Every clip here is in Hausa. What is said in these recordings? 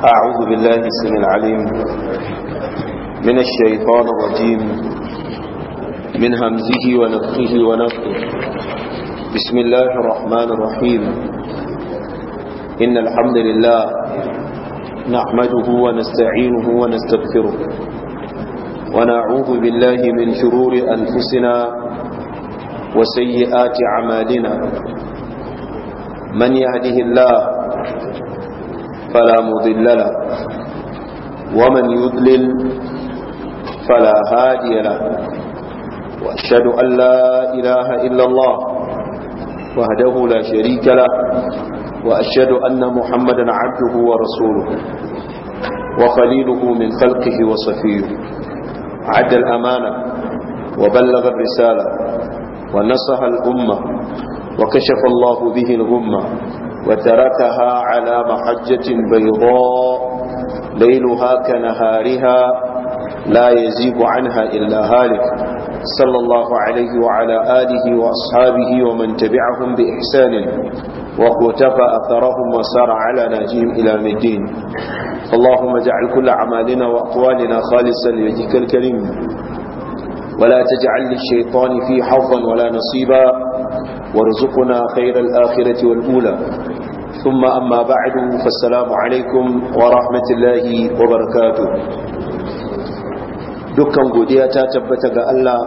أعوذ بالله السميع العليم من الشيطان الرجيم من همزه ونفخه ونفخه بسم الله الرحمن الرحيم إن الحمد لله نحمده ونستعينه ونستغفره ونعوذ بالله من شرور أنفسنا وسيئات عمالنا من يهده الله فلا مضل له ومن يضلل فلا هادي له وأشهد أن لا إله إلا الله وهده لا شريك له وأشهد أن محمدا عبده ورسوله وخليله من خلقه وصفيه عد الأمانة وبلغ الرسالة ونصح الأمة وكشف الله به الغمة وتركها على محجة بيضاء ليلها كنهارها لا يزيب عنها إلا هالك صلى الله عليه وعلى آله وأصحابه ومن تبعهم بإحسان وقتفى أثرهم وسار على ناجيهم إلى مدين اللهم اجعل كل أعمالنا وأقوالنا خالصا لوجهك الكريم ولا تجعل للشيطان في حظا ولا نصيبا وارزقنا خير الآخرة والأولى ثم أما بعد فالسلام عليكم ورحمة الله وبركاته dukkan godiya ta tabbata ga Allah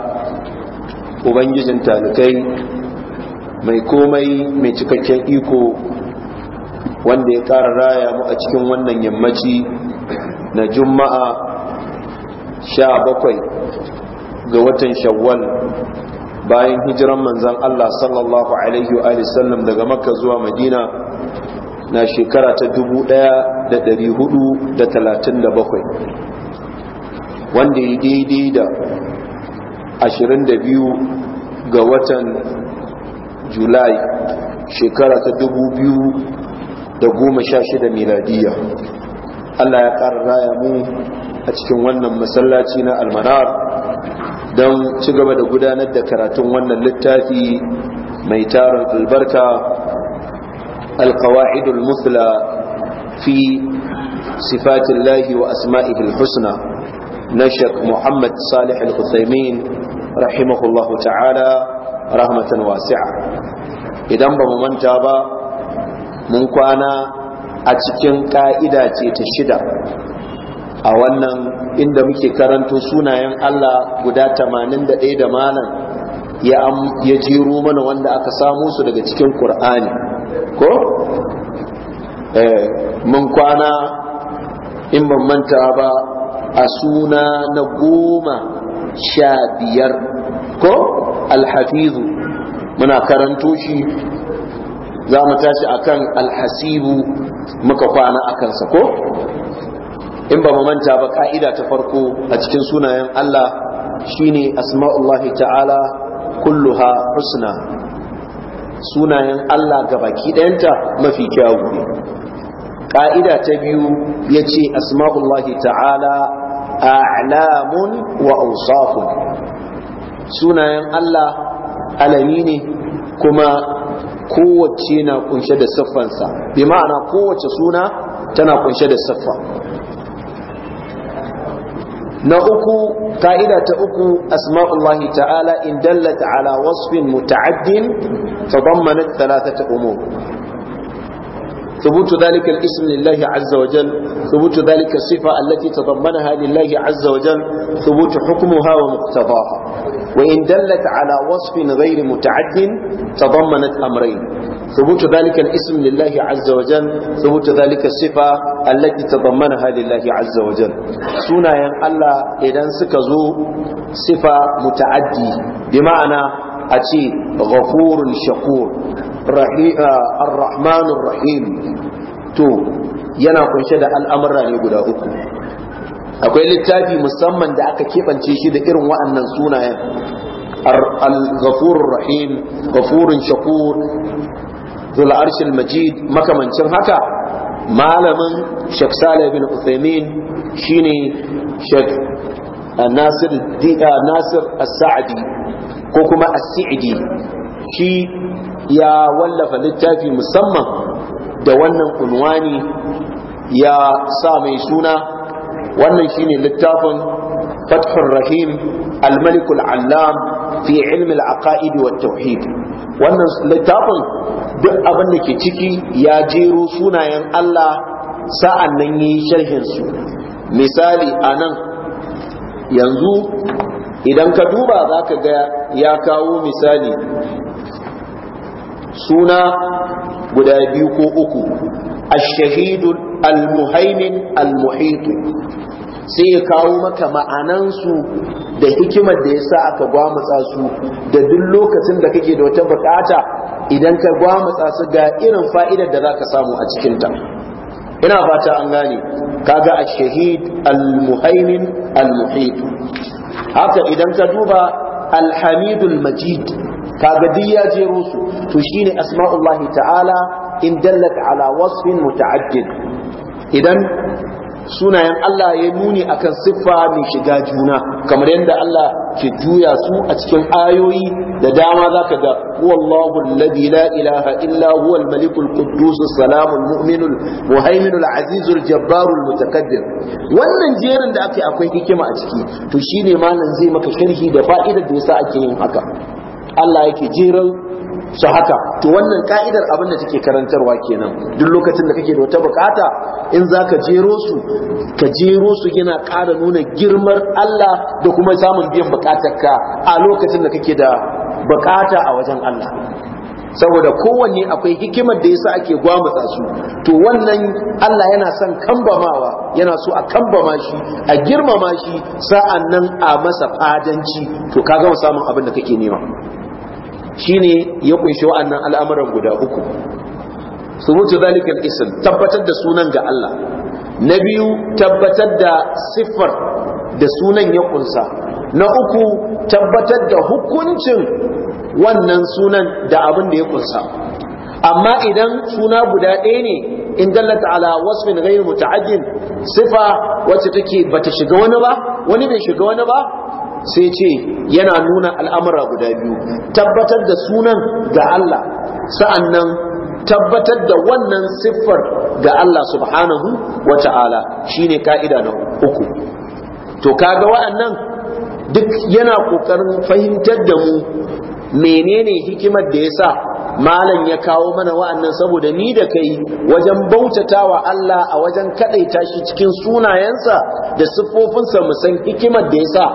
ubangijin talikai mai komai mai cikakken iko wanda ya ƙara raya mu a cikin wannan yammaci na juma'a sha bakwai ga watan shawwal bayan hijiran manzan Allah sallallahu alaihi wa sallam daga makka zuwa madina na shekara ta dubu da da da talatin bakwai. wanda ya daidai da biyu ga watan julai shekara ta goma sha 2016 miladiya Allah ya raya mu a cikin wannan masallaci na almanar don ci gaba da gudanar da karatun wannan littafi mai tarin albarka القواعد المثلى في صفات الله وأسمائه الحسنى نشك محمد صالح العثيمين رحمه الله تعالى رحمة واسعة إذا بمن تابا من كوانا a cikin ƙa'ida ce ta shida a wannan inda muke karanto sunayen Allah guda tamanin da da malam ya jiro mana wanda aka samu su daga cikin Kur'ani ko eh, mun kwana in ban manta ba a suna na goma sha biyar ko alhafizu muna karanto shi za mu tashi akan alhasibu muka kwana a kansa ko in ba mu manta ba ka'ida ta farko a cikin sunayen Allah shine asma'ullahi ta'ala kulluha husna sunayen Allah ga baki ɗayanta mafi kyawu ne ƙa'ida ta biyu ya ce asma'ullahi ta'ala a'lamun wa ausafun sunayen Allah alami ne kuma kowace na kunshe da siffansa bi ma'ana kowace suna tana kunshe da siffa na uku ka'ida ta uku asma'ullahi ta'ala in dallata ala wasfin muta'addin tadammanat thalathata umur ثبوت ذلك الاسم لله عز وجل ثبوت ذلك الصفة التي تضمنها لله عز وجل ثبوت حكمها ومقتضاها وإن دلت على وصف غير متعد تضمنت أمرين ثبوت ذلك الاسم لله عز وجل ثبوت ذلك الصفة التي تضمنها لله عز وجل سنة ين الله إذن سكزو صفة متعدي بمعنى أتي غفور شكور الرحمن الرحيم تو yana kunshe da al'amurra ne guda uku akwai littafi musamman da aka keɓance shi da irin wa'annan sunayen al-ghafurur rahim ghafurun shakur zul arshil majid makamancin haka malamin Sheikh Saleh bin Uthaymeen shine Sheikh uh, Nasir uh, Nasir As-Sa'di ko kuma As-Sa'di shi ya wallafa littafi musamman da wannan unwani ya sa mai suna wannan shine littafin fathur rahim al-malik al-allam fi ilm al-aqaid wa tauhid wannan littafin duk abin da ke ciki ya jero sunayen Allah sa'an nan yi sharhin su misali anan yanzu idan ka duba zaka ga ya kawo misali suna guda biyu ko uku ash-shahidul al-muhaimin sai ya kawo maka ma'anansu da hikimar da yasa aka gwamutsa su da duk lokacin da kake da wata bukata idan ka gwamutsa su ga irin fa'idar da za ka samu a cikinta, ina fata an gane kaga a shahid al-muhaimin haka idan ka duba alhamidul majid kaga duk ya jero su to shine asma'ullahi ta'ala in dallat ala wasfin muta'addid idan sunayen Allah ya nuni akan siffa mai shiga juna kamar yadda Allah ke juya su a cikin ayoyi da dama zaka ga wallahu alladhi la ilaha illa huwa al-malik al-quddus as-salam al-mu'min al-muhaymin al-aziz al-jabbar al-mutakabbir wannan jerin da ake akwai hikima a ciki to shine malam zai maka sharhi da fa'idar da yasa ake yin haka Allah yake jerin su haka to wannan ka'idar abin da take karantarwa kenan duk lokacin da kake da wata bukata in za ka jero su ka jero su yana ƙara nuna girmar Allah da kuma samun biyan bukatarka a lokacin da kake da bukata a wajen Allah saboda kowanne akwai hikimar da yasa ake gwamutsa su to wannan Allah yana son kambamawa yana so a kambama shi a girmama shi sa'annan a masa fadanci to kaga samun abin da kake nema shine ya kunshi wa'annan al'amuran guda uku subutu zalikal ism tabbatar da sunan ga Allah na biyu tabbatar da siffar da sunan ya kunsa na uku tabbatar da hukuncin wannan sunan da abin da ya kunsa amma idan suna guda ɗaya ne in dallata ala wasfin ghairu muta'addin sifa wacce take bata shiga wani ba wani bai shiga wani ba sai ce yana nuna al'amura guda biyu tabbatar da sunan ga Allah sa'annan tabbatar da wannan siffar ga Allah subhanahu wa ta'ala shine ka'ida na uku to kaga wa'annan duk yana kokarin fahimtar da mu menene hikimar da ya sa malam ya kawo mana wa'annan saboda ni da kai wajen bautatawa Allah a wajen kadaita shi cikin sunayensa da siffofinsa mu san hikimar da ya sa.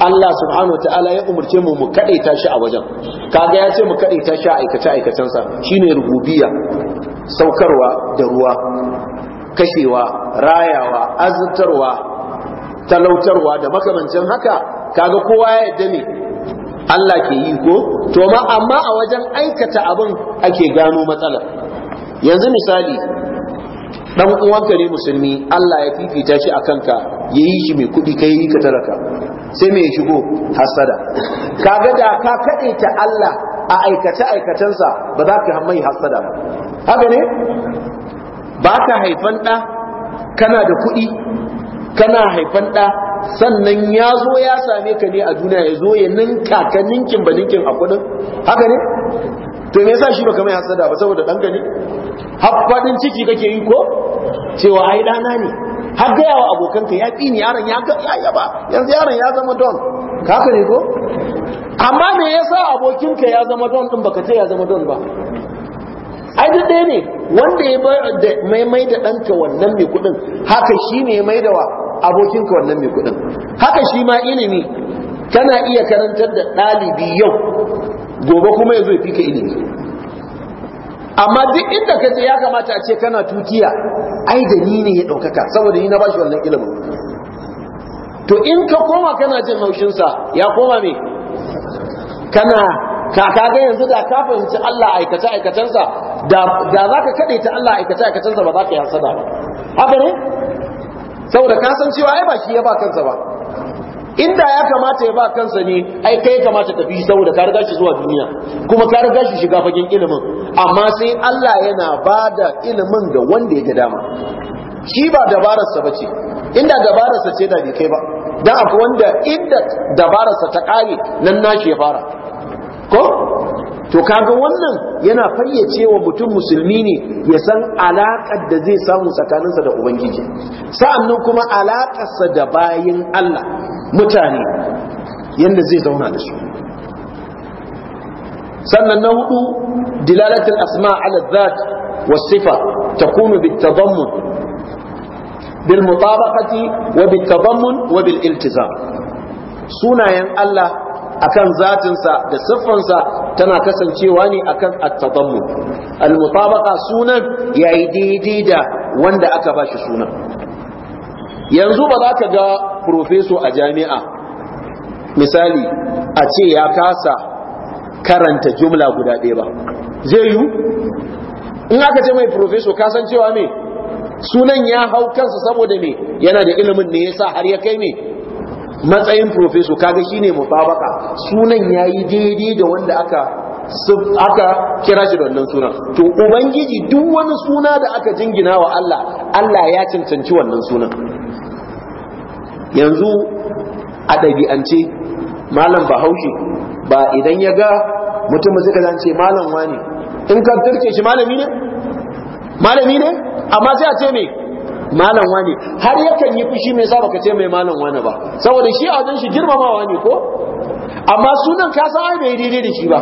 Allah subhanahu wa ta'ala ya umarce mu mu kadaita shi a wajen kaga ya ce mu kadaita shi a aikace aikacen sa shine rububiyya saukarwa da ruwa kashewa rayawa azantarwa, talautarwa da makamancin haka kaga kowa ya yadda ne Allah ke yi ko to amma a wajen aikata abin ake gano matsalar yanzu misali dan uwanka ne musulmi Allah ya fifita shi akan ka yayi shi mai kudi kai yi ka talaka sai me ya shigo hasada kaga da ka kade ta Allah a aikace aikacensa ba za ka mai hasada ba haka ne ba ka haifan da kana da kudi kana haifan da sannan ya zo ya same ka ne a duniya ya zo ya ninka ka ninkin ba ninkin a kudin haka ne to me yasa shi ba mai hasada ba saboda danka ne faɗin ciki kake yi ko cewa ai ɗana ne har gaya wa abokanka ya fi ni yaron ya yaba yanzu yaron ya zama don kaka ne ko amma me yasa abokinka ya zama don din baka ce ya zama don ba ai duk dai ne wanda ya mai mai da danka wannan mai kuɗin haka shi ne mai da wa abokinka wannan mai kuɗin haka shi ma ilimi kana iya karantar da ɗalibi yau gobe kuma ya zo ya fi ka ilimi amma duk inda ka ce ya kamata a ce kana tutiya ai da ni ne ya ɗaukaka saboda ni na bashi wannan ilimin to in ka koma kana jin haushinsa ya koma me kana kaka ga yanzu da ka fahimci Allah aikace sa? da za ka kaɗe ta Allah aikace sa ba za ka yi hasada ba haka ne saboda ka san cewa ai ba shi ya ba kansa ba inda ya kamata ya ba kansa ne ai kai kamata ka bi saboda ka riga shi zuwa duniya kuma ka riga shi shiga fagen ilimin amma sai Allah yana ba da ilimin ga wanda ya ga dama shi ba dabararsa bace inda dabararsa ce da kai ba dan aka wanda inda dabararsa ta kare nan nashi ya fara ko to kaga wannan yana fayyacewa mutum musulmi ne ya san alaƙar da zai samu tsakaninsa da ubangiji sa'annan kuma alaƙarsa da bayin Allah mutane yadda zai zauna da su sannan na hudu dilalatul asma ala dhat wasifa takunu bitadammun bilmutabaqati wa bitadammun wa bililtizam sunayen Allah akan zatinsa da siffansa tana kasancewa ne akan at-tadammun al sunan yayi daidai da wanda aka bashi sunan yanzu ba za ka ga profeso a jami'a misali a ce ya kasa karanta jumla guda ɗaya ba zai yi in aka ce mai profeso kasancewa me sunan ya hau kansa saboda me yana da ilimin ne ya sa har ya kai me matsayin profeso kaga shi ne mubabaka sunan ya yi daidai da wanda aka aka kira shi da wannan suna to ubangiji duk wani suna da aka jingina wa Allah Allah ya cancanci wannan sunan yanzu a ɗabi'ance malam bahaushe ba idan ya ga mutum suka zance malam wani in ka turke shi malami ne malami ne amma sai a ce me malam wani har yakan yi fushi mai sa ka ce mai malam wani ba saboda shi a wajen shi girmamawa ne ko amma sunan ka san ai bai daidai da shi ba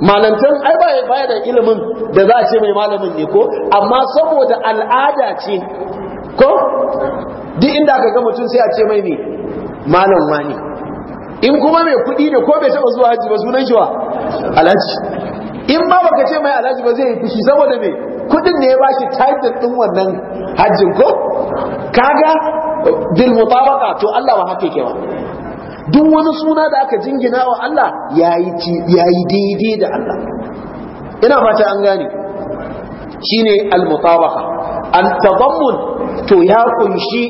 malantan ai baya da ilimin da za a ce mai malamin ne ko amma saboda al'ada ce ko duk inda aka ga mutum sai a ce mai ne malam wani in kuma mai kuɗi ne ko bai taɓa zuwa hajji ba sunan shi wa alhaji in ba baka ce mai alhaji ba zai yi fushi saboda mai kuɗin ne ya bashi title ɗin wannan hajjin ko kaga bil to Allah ba haka yake ba duk wani suna da aka jingina wa Allah yayi daidai da Allah ina fata an gane shine al mutabaka an tadammun to ya kunshi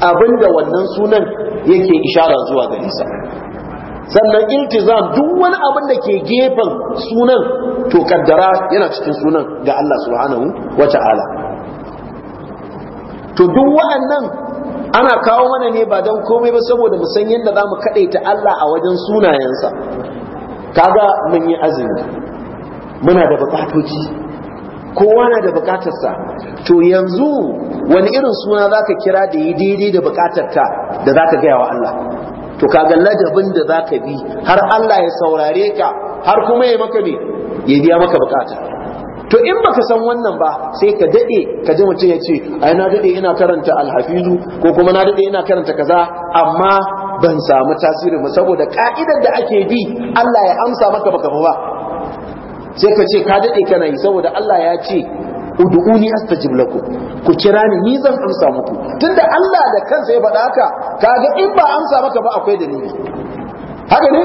abinda wannan sunan yake ishara zuwa ga sannan iltizam duk wani abin da ke gefen sunan to kaddara yana cikin sunan ga Allah subhanahu wata'ala to duk wa'annan ana kawo mana ne ba don komai ba saboda mu san yadda zamu ta Allah a wajen sunayensa kaga mun yi azumi muna da bukatoci kowa na da bukatarsa to yanzu wani irin suna za ka kira da yi daidai da bukatarta da za ka gaya wa Allah to kaga ladabin da za ka bi har Allah ya saurare ka har kuma ya maka ne ya biya maka bukata to in baka san wannan ba sai ka dade ka ji mutum ya ce ai na dade ina karanta alhafizu ko kuma na dade ina karanta kaza amma ban samu tasiri ba saboda ka'idar da ake bi Allah ya amsa maka baka ba sai ka ce ka daɗe kana yi saboda Allah ya ce ud'uni astajib lakum ku kira ni ni zan amsa muku tunda Allah da kansa ya faɗa haka kaga in ba amsa maka ba akwai dalili haka ne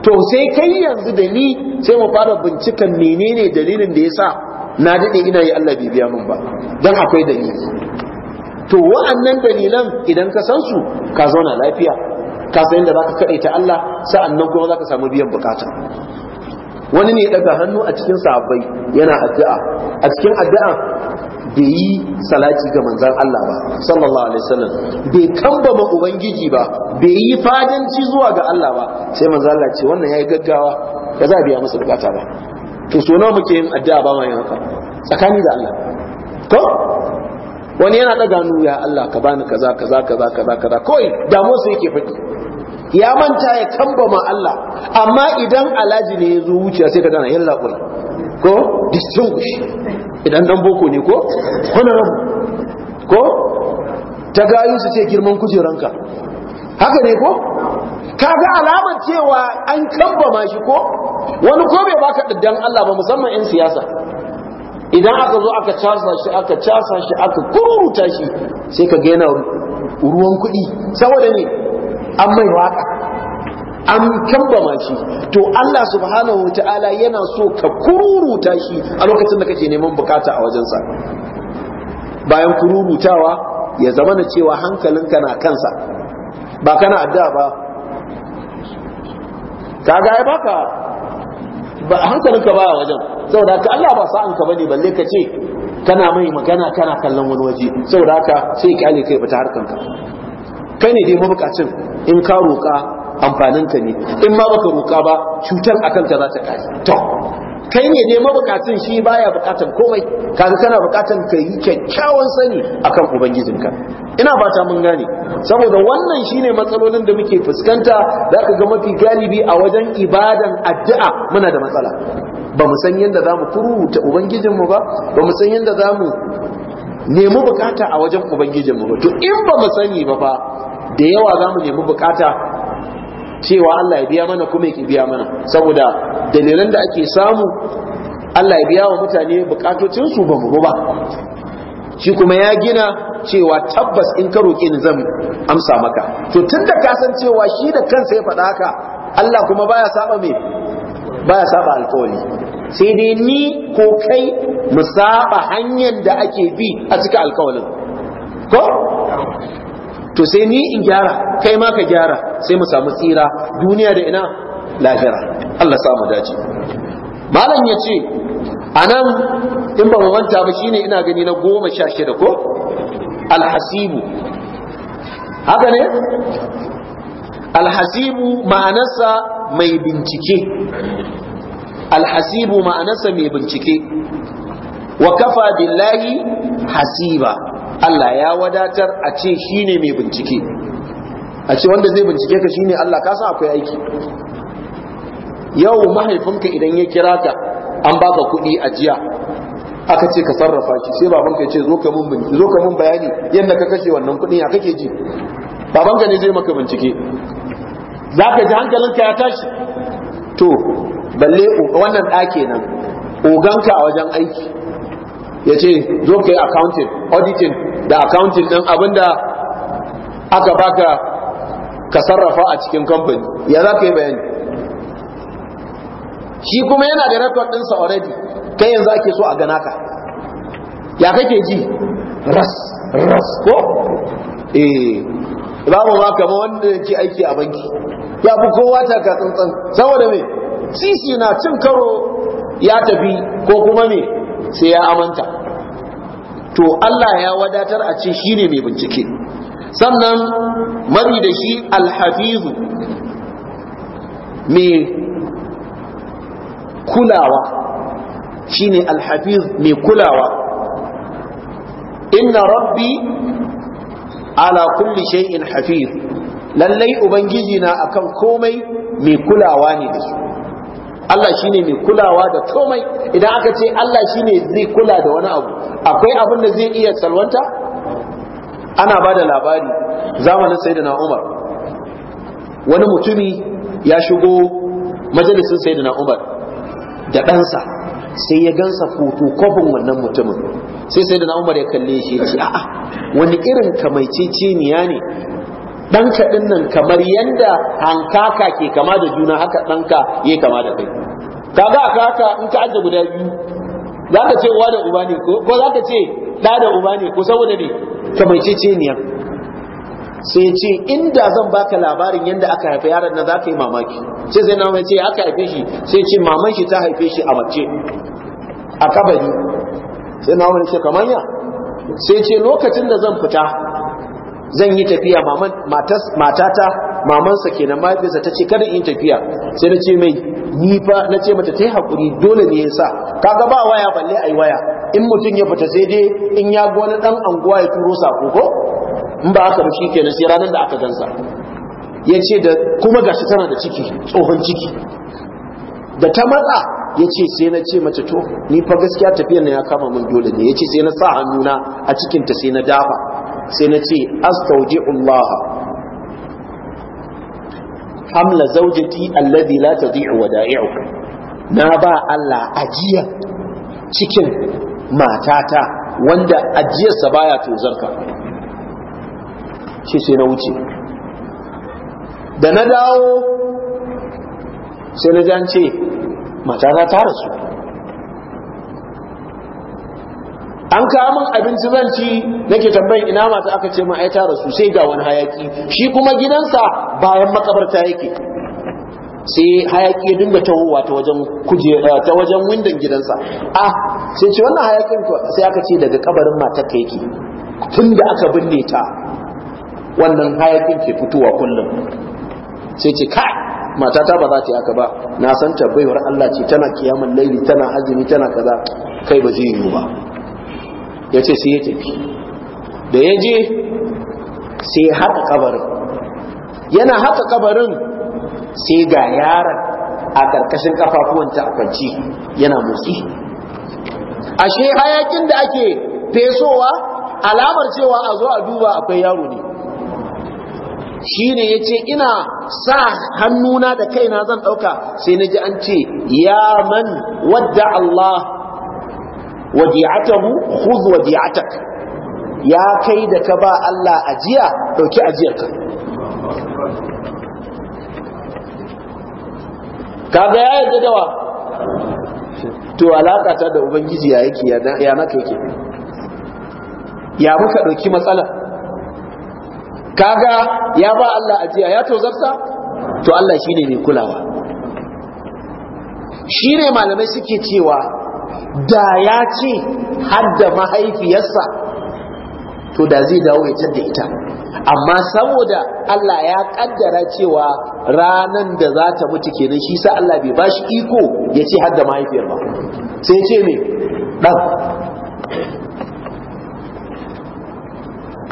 to sai kai yanzu da ni sai mu fara bincikan menene dalilin da yasa na daɗe ina yi Allah bai biya min ba dan akwai dalili to wa'annan dalilan idan ka san su ka zauna lafiya ka san yadda zaka kaɗaita Allah sa'annan kuma zaka samu biyan bukata wani ne daga hannu a cikin sahabbai yana addu'a a cikin addu'a bai yi salati ga manzan Allah ba sallallahu alaihi wasallam bai ma ubangiji ba bai yi fadanci zuwa ga Allah ba sai manzan Allah ce wannan yayi gaggawa ba za a biya masa bukata ba to so nawa muke yin addu'a ba ma yin haka tsakani da Allah ko wani yana daga hannu ya Allah ka bani kaza kaza kaza kaza kaza kawai damuwa sai yake faɗi ya manta ya ma Allah amma idan alhaji ne ya zo wuciya sai ka dana yan ko distinguish idan dan boko ne ko honorable ko ta gayu su ce girman kujeranka haka ne ko ka ga alamar cewa an kambama shi ko wani ko bai baka dan Allah ba musamman in siyasa idan aka zo aka casa shi aka casa shi aka kururuta shi sai ka ga yana ruwan kuɗi saboda ne an mai waka an kambama shi to Allah subhanahu wa ta'ala yana so ka kururuta shi a lokacin da kake neman bukata a wajensa bayan kururutawa ya zama na cewa hankalinka na kansa ba kana adda ba Ka gaya baka ba hankalinka baya wajen saboda ka Allah ba sa'an ka bane balle ka ce kana mai magana kana kallon wani waje saboda ka sai kyale kai fita harkanka kai ne dai mabukacin in ka roƙa amfaninka ne in ma baka roƙa ba cutar akan ka za ta kai to kai ne dai mabukacin shi baya bukatan komai kaga kana bukatan ka yi kyakkyawan sani akan ubangijinka ina ta mun gane saboda wannan shine matsalolin da muke fuskanta ka ga mafi galibi a wajen ibadan addu'a muna da matsala ba mu san yadda za mu kuruta ubangijinmu ba ba mu san yadda za mu nemi bukata a wajen ubangijinmu ba to in ba mu sani ba fa da yawa za mu nemi bukata cewa Allah ya biya mana kuma yake biya mana saboda dalilan da ake samu Allah ya biya wa mutane bukatocinsu ba mu ba shi kuma ya gina cewa tabbas in ka roƙe ni zan amsa maka to tunda ka san cewa shi da kansa ya faɗa haka Allah kuma baya saba me baya saba alƙawari sai dai ni ko kai mu saba hanyar da ake bi a cikin alƙawarin ko to sai ni in gyara kai ma ka gyara sai mu samu tsira duniya da ina lahira Allah samu dace malam ya ce a in ba manta ba shine ina gani na goma sha shida ko alhasibu haka ne alhasibu ma'anarsa mai bincike alhasibu ma'anarsa mai bincike wa kafa billahi hasiba Allah ya wadatar a ce shine mai bincike a ce wanda zai bincike ka shine Allah ka sa akwai aiki yau mahaifinka idan ya kira ka an baka kuɗi a jiya aka ce ka sarrafa ki sai babanka ya ce zo ka mun bayani yadda ka kashe wannan kuɗin ya kake ji babanka ne zai maka bincike za ka ji hankalinka ya tashi to balle wannan ɗake nan oganka a wajen aiki ya ce zo ka yi accounting auditing da accounting ɗin abinda aka baka ka sarrafa a cikin kamfani ya za ka yi bayani shi kuma yana da record ɗinsa already kai yanzu ake so a gana ka ya kake ji ras ras ko eh babu ma kamar wanda yake aiki a banki ya fi kowa ka tsantsan saboda me sisi na cin karo ya tafi ko kuma me sai ya amanta to Allah ya wadatar a ce shine mai bincike sannan mari da shi alhafizu mai kulawa shine alhafiz mai kulawa inna rabbi ala kulli shay'in hafiz lallai ubangiji na akan komai mai kulawa ne da su Allah shi ne mai kulawa da komai idan aka ce Allah shi ne zai kula da wani abu akwai abin da zai iya salwanta ana ba da labari zamanin sayyidina Umar wani mutumi ya shigo majalisin sayyidina Umar da ɗansa sai ya gansa foto kofin wannan mutumin sai sayyidina Umar ya kalle shi ya ce a'a wani irin kamaiceceniya ne ɗanka din nan kamar yanda hankaka ke kama da juna haka ɗanka ya kama da kai kaga a haka in ka aje guda biyu za ka ce uwa da uba ne ko za ka ce ɗa da uba ne ko saboda ne ka mai kamar ceceniya sai ce inda zan baka labarin yadda aka haifi yaron nan za ka yi mamaki sai sai na ce aka haife shi sai ce maman shi ta haife shi a mace a kabari sai na wani ce kamar ya sai ce lokacin da zan fita zan yi tafiya matata mamansa kenan mahaifiyarsa ta ce kada in tafiya sai na ce mai ni fa na ce mata ta yi hakuri, dole ne ya sa kaga ba waya balle a yi waya in mutum ya fita sai dai in ya ga wani ɗan anguwa ya turo sako ko in ba aka rufi kenan sai ranar da aka gansa ya ce da kuma gashi tana da ciki tsohon ciki da ta matsa ya ce sai na ce mata to ni fa gaskiya tafiyar na ya kama min dole ne ya ce sai na sa hannuna a cikinta sai na dafa sai na ce astaudi'ullah hamla zaujati alladhi la tadi'u wada'i'u na ba Allah ajiya cikin matata wanda ajiyarsa baya tozarka shi sai na wuce da na dawo sai na ce matata ta rasu an kawo min abinci zan ci nake tambayin ina mata aka ce min ai ta rasu sai ga wani hayaki shi kuma gidansa bayan makabarta yake sai hayaki ya dinga tawowa eh, ta wajen windon gidansa ah sai ce wannan hayakin to sai aka ce daga kabarin matar ta yake tunda aka binne ta wannan hayakin ke fitowa kullum sai ce kai matata ba za ta yi haka ba na san tabbaiwar Allah ce tana kiyamun laili tana azumi tana kaza kai ba zai yiwu ba ya ce sai ya tafi da ya je sai ya haka kabarin yana haka kabarin sai ga yaran a karkashin kafafuwanta a kwanci yana motsi ashe hayakin da ake fesowa alamar cewa a zo a duba akwai yaro ne shi ne ya ce ina sa hannuna da kaina zan ɗauka sai na ji an ce ya man wadda Allah wadi'atahu khudh wadi'atak ya kai da ka ba Allah ajiya dauki ajiyarka kaga ya yadda dawa to alaka ta da ubangiji ya yake ya maka yake ya muka dauki matsalar kaga ya ba Allah ajiya ya tozarta to Allah shine mai kulawa shine malamai suke cewa da ya ce hadda mahaifiyarsa to da zai dawo ya canza ita amma saboda Allah ya kaddara cewa ranan da za ta mutu kenan shi sa Allah bai bashi iko ya ce hadda mahaifiyar ba sai ce me dan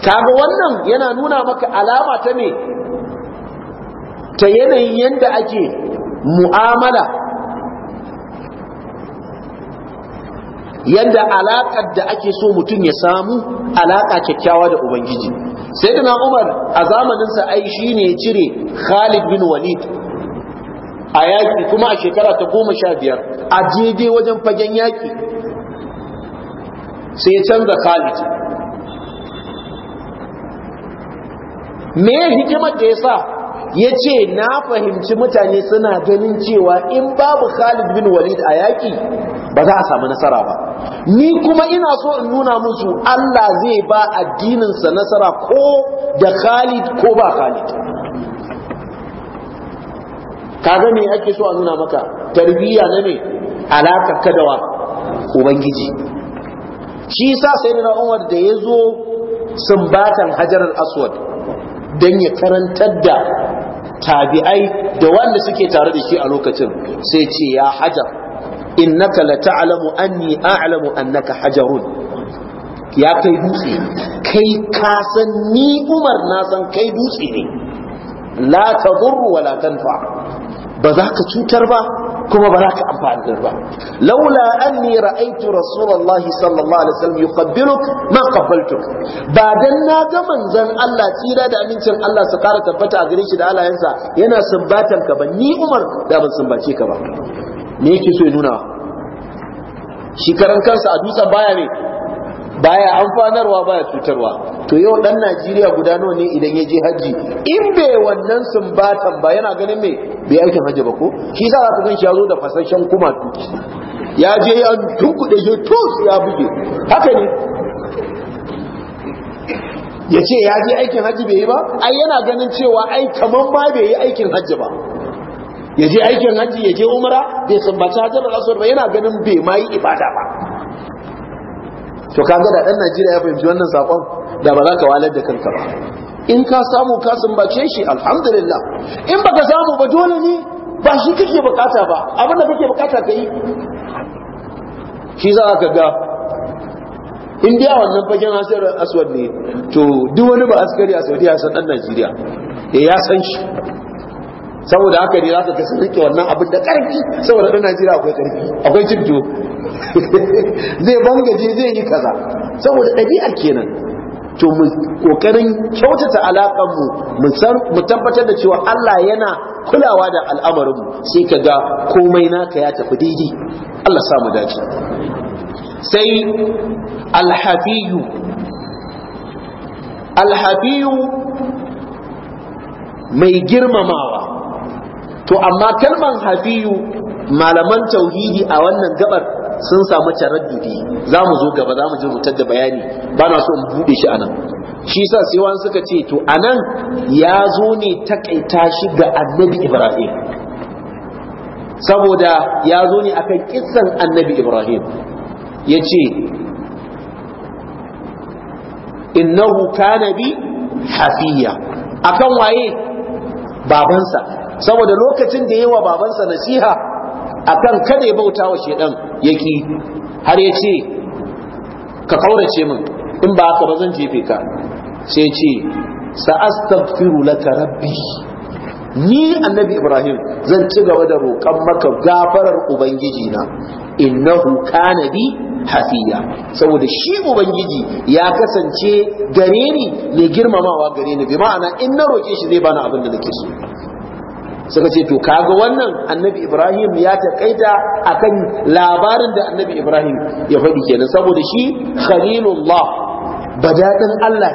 kaga wannan yana nuna maka alama ta me ta yanayin yadda ake mu'amala yadda alaƙar da ake so mutum ya samu alaƙa kyakkyawa da ubangiji sai da umar a zamaninsa ai shi ne cire khalid bin walid a yaƙi kuma a shekara ta goma sha biyar a daidai wajen fagen yaƙi sai canza khalid me hikimar da ya sa ya ce na fahimci mutane suna ganin cewa in babu khalid bin walid a yaƙi ba za a samu nasara ba ni kuma ina so in nuna musu allah zai ba addininsa nasara ko da khalid ko ba khalid kaga me ake so a nuna maka tarbiyya na ne alaka kadawa ubangiji shi sa sai na umar da ya zo sumbatan hajarar aswad don ya karantar da tabi'ai da wanda suke tare da shi a lokacin sai ce ya hajar innaka la ta'lamu anni a'lamu annaka hajarun ya kai dutse kai ka san ni Umar na san kai dutse ne la tadur wa la tanfa ba za ka cutar ba kuma ba za ka amfani ba laula anni ra'aytu rasulullahi sallallahu alaihi wasallam yuqabbiluk ma qabbaltuk ba dan na ga manzon Allah tsira da amincin Allah su kara tabbata a gare shi da alayansa yana sumbatan ka ba ni Umar da ban sumbace ka ba me yake so ya nuna shi karan kansa a dutsen baya ne baya amfanarwa baya cutarwa to yau dan Najeriya guda nawa ne idan ya je haji in bai wannan sumbatan ba yana ganin me bai aikin haji ba ko shi za ka gan shi ya zo da fasashen kuma tuki ya je ya da shi tus ya buge haka ne ya ce ya je aikin haji bai yi ba ai yana ganin cewa ai kaman ba bai yi aikin haji ba ya je aikin haji ya je umara bai sumbaci hajjar rasul ba yana ganin bai ma yi ibada ba to kaga da dan Najeriya ya fahimci wannan sakon da ba za ka walar da kanka ba in ka samu ka sumbace shi alhamdulillah in baka samu ba dole ne ba shi kake bukata ba abin da kake bukata ka yi shi za ka ga in dai wannan fagen hasar aswad ne to duk wani ba askari a saudiya san dan Najeriya eh, ya san shi saboda haka ne za ka sun rike wannan abin da karfi saboda ɗan Najeriya akwai karfi akwai cinto zai bangaje zai yi kaza saboda ɗabi'ar kenan to mu kokarin kyautata alaƙanmu mu mu tabbatar da cewa Allah yana kulawa da al'amarin mu sai ga komai naka ya tafi daidai Allah sa mu dace sai alhafiyu alhafiyu mai girmamawa to amma kalman hafiyu malaman tauhidi a wannan gabar sun samu taraddudi za mu zo gaba za mu ji rutar da bayani ba na so in buɗe shi anan shi sa sai wani suka ce to anan ya zo ne takaita shi ga annabi ibrahim saboda ya zo ne akan kissan annabi ibrahim ya ce innahu kana bi hafiya akan waye babansa saboda lokacin da yawa babansa nasiha akan kada ya bauta wa shedan yaki har ya ce ka kaurace min in ba haka ba zan jefe ka sai ce sa'astaghfiru laka rabbi ni annabi ibrahim zan ci gaba da roƙon maka gafarar ubangiji na innahu kana bi hafiya saboda shi ubangiji ya kasance gare ni mai girmamawa gare ni bi ma'ana in na roƙe shi zai bani abin da nake so suka ce to kaga wannan annabi ibrahim ya takaita akan labarin da annabi ibrahim ya faɗi kenan saboda shi khalilullah badaɗin allah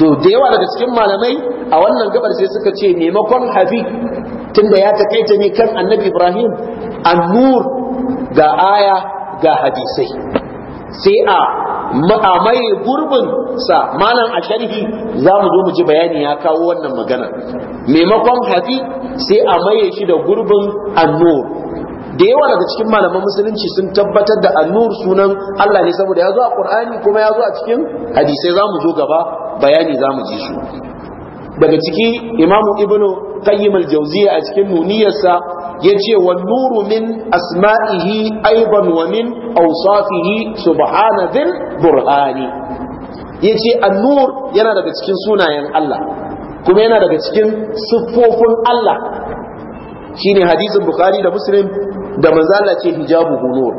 to da yawa daga cikin malamai a wannan gabar sai suka ce maimakon hafi tunda ya takaita ne kan annabi ibrahim annur ga aya ga hadisai sai a mai gurbin sa malam a sharhi za mu zo mu ji bayani ya kawo wannan magana maimakon hafi sai a maye shi da gurbin annur da yawa daga cikin malaman musulunci sun tabbatar da annur sunan Allah ne saboda ya zo a ƙur'ani kuma ya zo a cikin hadisai za mu zo gaba bayani za mu ji su daga ciki imamu ibnu qayyim al-jawziyya a cikin nuniyarsa ce wa nuru min asma'ihi aidan wa min awsafihi subhana dhil burhani yace ce annur yana daga cikin sunayen Allah kuma yana daga cikin siffofin Allah shine hadisin bukhari da muslim da manzala ce hijabu nur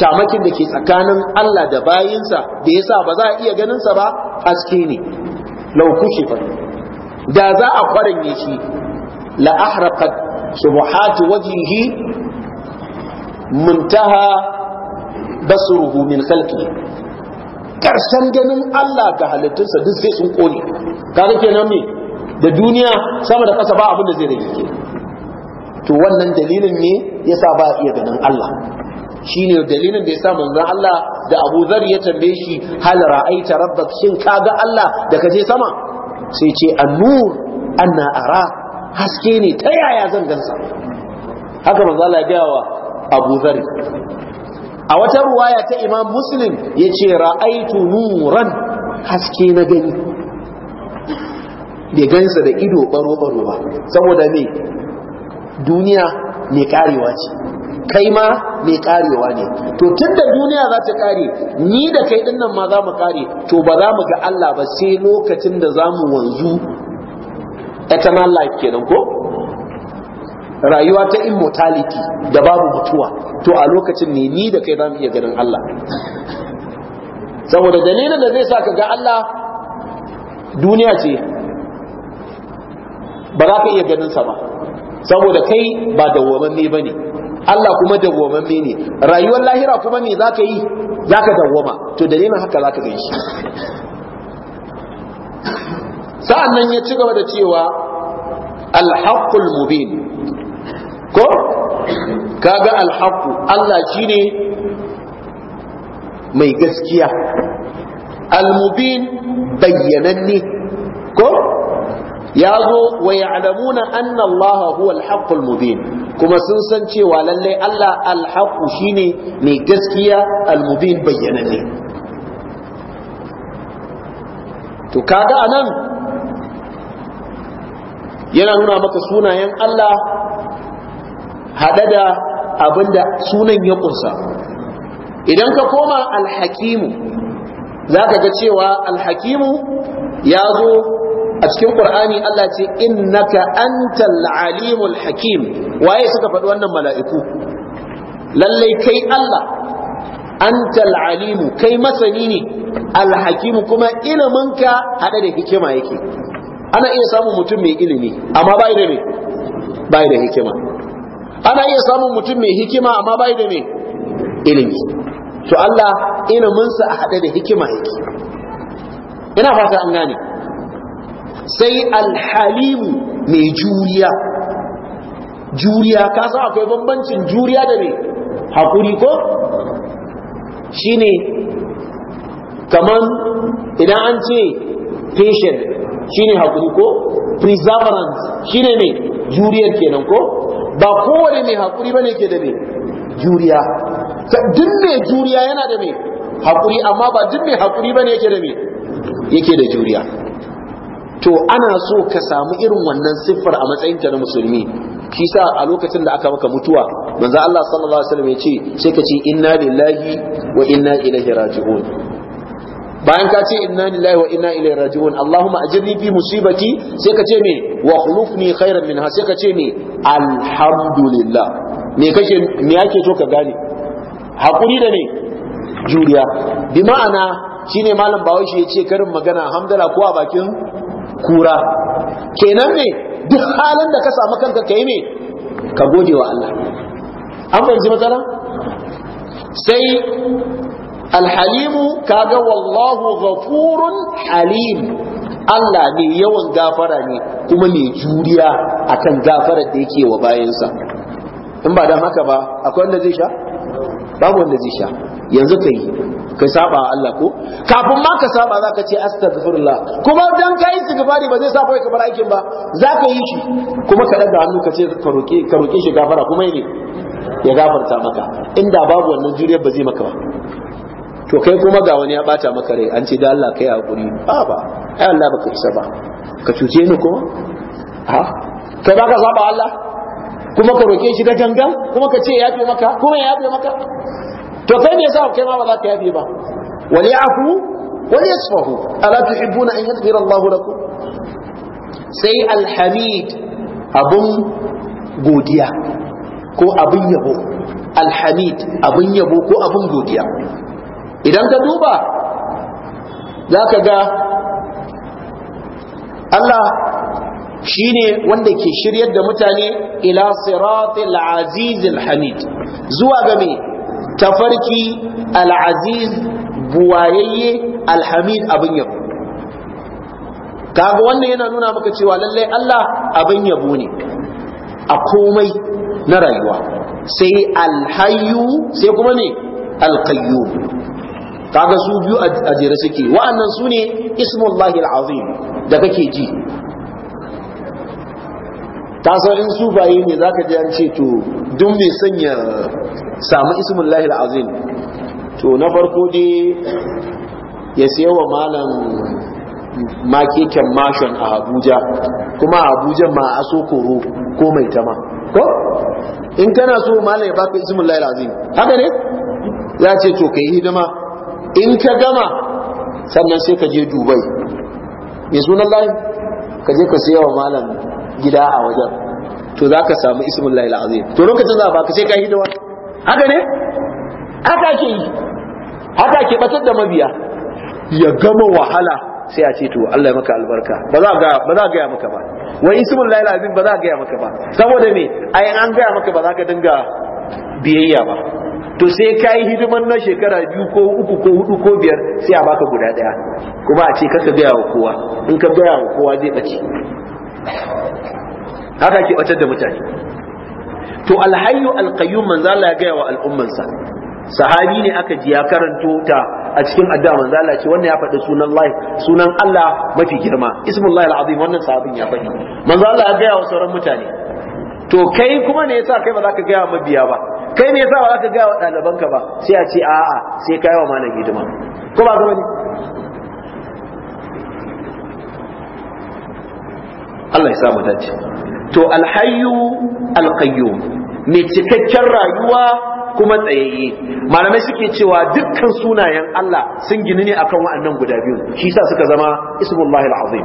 shamakin da ke tsakanin Allah da bayinsa da yasa ba za a iya ganin sa ba aske ne lau ba. da za a kwaranye shi la ahraqat سبحات wajihi muntaha بصره min خلقه karshen ganin Allah ga halittunsa duk sai sun kone kaga kenan me da duniya sama da ƙasa ba abin da zai rage to wannan dalilin ne yasa ba iya ganin Allah shine dalilin da yasa manzon Allah da Abu Dhar ya tambaye shi hal ra'aita rabbak shin kaga Allah da kaje sama sai ce an-nur anna ara haske ne ta yaya zan gansa haka manzo Allah ya wa Abu Dharr a wata ruwaya ta Imam Muslim ce, ra'aitu nuran haske na gani bai gansa da ido baro baro ba saboda me duniya mai karewa ce kai ma mai karewa ne to tunda duniya za ta kare ni da kai dinnan ma za mu kare to ba za mu ga Allah ba sai lokacin da za mu wanzu eternal life kenan ko rayuwa ta immortality da babu mutuwa to a lokacin ne ni da kai za mu iya ganin Allah saboda dalilin da zai sa ka ga Allah duniya ce ba za ka iya ganin sa ba saboda kai ba ne ba ne Allah kuma dawwamamme ne rayuwar lahira kuma ne za ka yi za ka dawwama to dalilin haka za ka gan shi sa'an nan ya ci gaba da cewa alhaƙul mubin ko kaga alhaƙu Allah shi ne mai gaskiya almubin bayyananne ko ya zo wa ya'lamuna anna Allah huwa alhaqqul mubin kuma sun san cewa lallai Allah alhaqqu shine mai gaskiya almubin bayyananne to kaga anan yana nuna maka sunayen Allah haɗe da abin da sunan ya ƙunsa idan ka koma alhakimu za ka ga cewa alhakimu ya zo a cikin ƙur'ani Allah ce innaka antal alimul hakim waye suka faɗi wannan mala'iku lallai kai Allah antal alimu kai masani ne alhakimu kuma iliminka haɗe da hikima yake ana iya samun mutum mai ilimi amma bai da me bai da hikima ana iya samun mutum mai hikima amma bai da me ilimi to Allah sa a hada da hikima yake ina fata an gane sai alhalimu mai juriya juriya ka san akwai bambancin juriya da ne hakuri ko shine kaman idan an ce patient shine hakuri ko preservance shine ne juriyar kenan ko ba kowane mai hakuri bane ke da me juriya duk mai juriya yana da me hakuri amma ba duk mai hakuri bane yake da me yake da juriya to ana so ka samu irin wannan siffar a matsayinka na musulmi shi sa a lokacin da aka maka mutuwa manzo Allah sallallahu alaihi wasallam ya ce sai ka ce inna lillahi wa inna ilaihi raji'un bayan ka ce inna lillahi wa inna ilaihi raji'un allahumma ajirni fi musibati sai ka ce me wa khulufni khairan minha sai ka ce me alhamdulillah me kake me yake so ka gane hakuri da ne juriya bi ma'ana shine malam bawashi ya karin magana hamdala ko a bakin kura kenan ne duk halin da ka samu kanka kai ne? ka gode wa Allah an fahimci matsala sai alhalimu kaga wallahu ghafurun halim Allah ne yawan gafara ne kuma mai juriya akan gafarar da yake wa bayansa in ba dan haka ba akwai wanda zai sha babu wanda zai sha yanzu kai kai saba Allah ko kafin ma ka saba zaka ce astaghfirullah kuma dan kai istighfari ba zai sa kai kamar aikin ba zaka yi shi kuma ka daga hannu ka ce ka roke ka roke shi gafara kuma ne ya gafarta maka inda babu wannan juriyar ba zai maka ba to kai kuma ga wani ya bata maka rai an ce da Allah kai hakuri ba ba ai Allah baka isa ba ka cuce ni kuma ha kai baka ka saba Allah kuma ka roke shi da ganga? kuma ka ce ya fi maka kuma ya fi maka to kai me yasa kai ma ba za ka yafi ba wal ya'fu wal yasfahu ala tuhibbuna an yaghfira Allah lakum sai alhamid abun godiya ko abun yabo alhamid abun yabo ko abun godiya idan ka duba za ka ga Allah shi ne wanda ke shiryar da mutane ila siratil azizil hamid zuwa ga mai tafarki al'aziz buwayayye alhamid abin yabo kaga wannan yana nuna maka cewa lallai Allah abin yabo ne a komai na rayuwa sai alhayu sai kuma ne alkayyum kaga su biyu a jere suke wa'annan su ne ismullahi al'azim da kake ji su baye ne ka ji an ce to duk mai sanya samu ismullahi al'azim to na farko dai ya siya wa malam makeken mashon a abuja kuma a abuja ma a koro ko mai tama ko in kana so malam ya baka ismullahi al'azim haka ne ya ce to kai hidima in ka gama sannan sai ka je dubai mai sunan layin ka je ka sayawa malam gida a wajen to za ka samu ismin layi la'azai to lokacin za ba ka sai ka yi dawa haka ne haka ke yi haka ke batar da mabiya ya gama wahala sai a ce to Allah ya maka albarka ba za a gaya maka ba wani ismin lail la'azai ba za a gaya maka ba saboda me yi an gaya maka ba za ka dinga biyayya ba to sai ka yi hidiman na shekara biyu ko uku ko hudu ko biyar sai a baka guda daya kuma a ce kasa gaya wa kowa in ka gaya wa kowa zai ɓace haka ke ɓatar da mutane to alhayyu alqayyum manzo Allah ya gaya wa al'ummansa sahabi ne aka ji ya karanto ta a cikin addu'a manzo la ce wannan ya faɗi sunan Allah sunan Allah mafi girma ismullahi alazim wannan sahabin ya faɗi manzo Allah gaya wa sauran mutane to kai kuma ne yasa kai ba za ka gaya mabiya ba kai me yasa ba za ka gaya wa ɗalibanka ba sai a ce a'a sai ka yi wa malam hidima ko ba zama ne Allah ya samu dace to alhayyu alqayyum mai cikakken rayuwa kuma tsayayye malamai suke cewa dukkan sunayen Allah sun gini ne akan wa'annan guda biyu shi yasa suka zama ismullahi alazim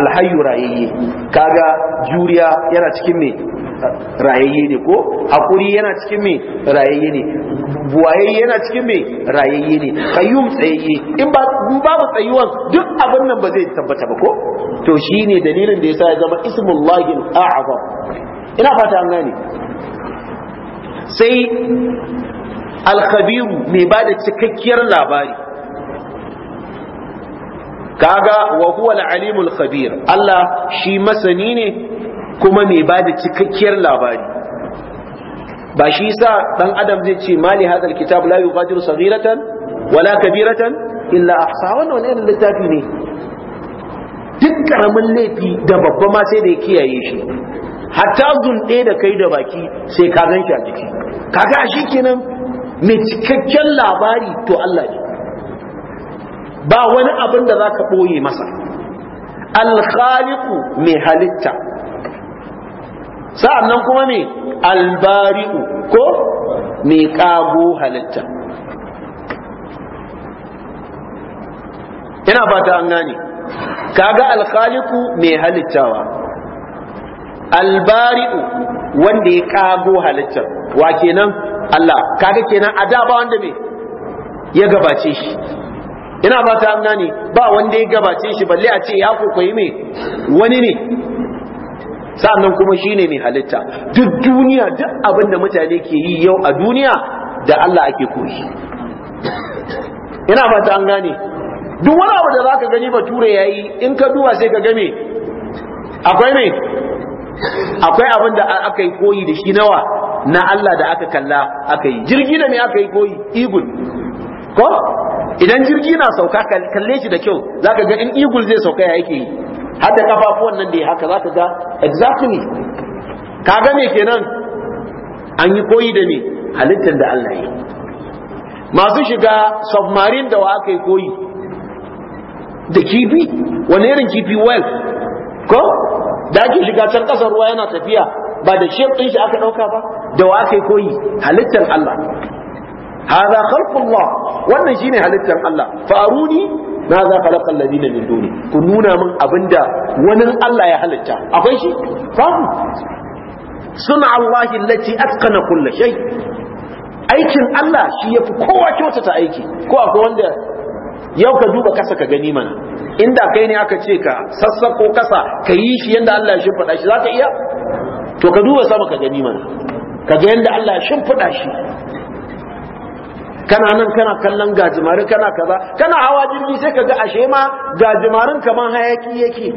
alhayyu rayayye kaga juriya yana cikin me rayayye ne ko hakuri yana cikin me rayayye ne buwaye yana cikin me rayayye ne kayyum tsayayye in ba babu tsayuwan duk abin nan ba zai tabbata ba ko to shine dalilin da yasa ya zama ismullahi al-a'zam ina fata an gane sai al-khabir mai bada cikakkiyar labari kaga wa huwa al khabir Allah shi masani ne kuma mai ba da cikakkiyar labari ba shi sa dan adam zai ce mali hadal kitab la yughadiru saghiratan wala kabiratan illa ahsa wannan wani irin littafi ne duk karamin laifi da babba ma sai da ya kiyaye shi hatta zun ɗaya da kai da baki sai ka gan shi a jiki kaga a kenan mai cikakken labari to Allah ne ba wani abin da za ka ɓoye masa alkhaliku mai halitta sa'an nan kuma ne albari'u ko mai ƙago halitta ina fata an gane kaga alkhaliku mai halittawa albari'u wanda ya ƙago halitta wa kenan Allah kaga kenan a da ba wanda mai ya gabace shi ina fata an gane ba wanda ya gabace shi balle a ce ya kokoyi mai wani ne sannan kuma shine mai halitta duk duniya duk abin da mutane ke yi yau a duniya da Allah ake koyi ina fata an gane duk wani abu da zaka gani bature yayi in ka duba sai ka ga me akwai me akwai abin da aka yi koyi da shi nawa na Allah da aka kalla aka yi jirgi da me aka yi koyi igun? ko idan jirgi na sauka kalle shi da kyau zaka ga in igul zai sauka ya yake yi har da kafafuwan nan da ya haka za ka ga exactly ka ga me kenan an yi koyi da ne halittar da Allah ya masu shiga submarine da wa aka yi koyi da kifi wani irin kifi well ko da ake shiga can kasar ruwa yana tafiya ba da shef ɗin shi aka ɗauka ba da wa aka yi koyi halittar Allah hada khalqullah wannan shine halittar Allah faruni na za khalaqa alladhina min duni ku nuna min abinda wani Allah ya halitta akwai shi babu suna Allah aska na kulla shai. aikin Allah shi yafi kowa kyautata aiki ko akwai wanda yau ka duba kasa ka gani mana inda kai ne aka ce ka sassako kasa ka yi shi yadda Allah ya shimfiɗa shi za ka iya to ka duba sama ka gani mana ka ga yadda Allah ya shimfiɗa shi kana nan kana kallon gajimare kana kaza kana hawa jirgi sai ka ga ashe ma gajimarin kaman hayaki yake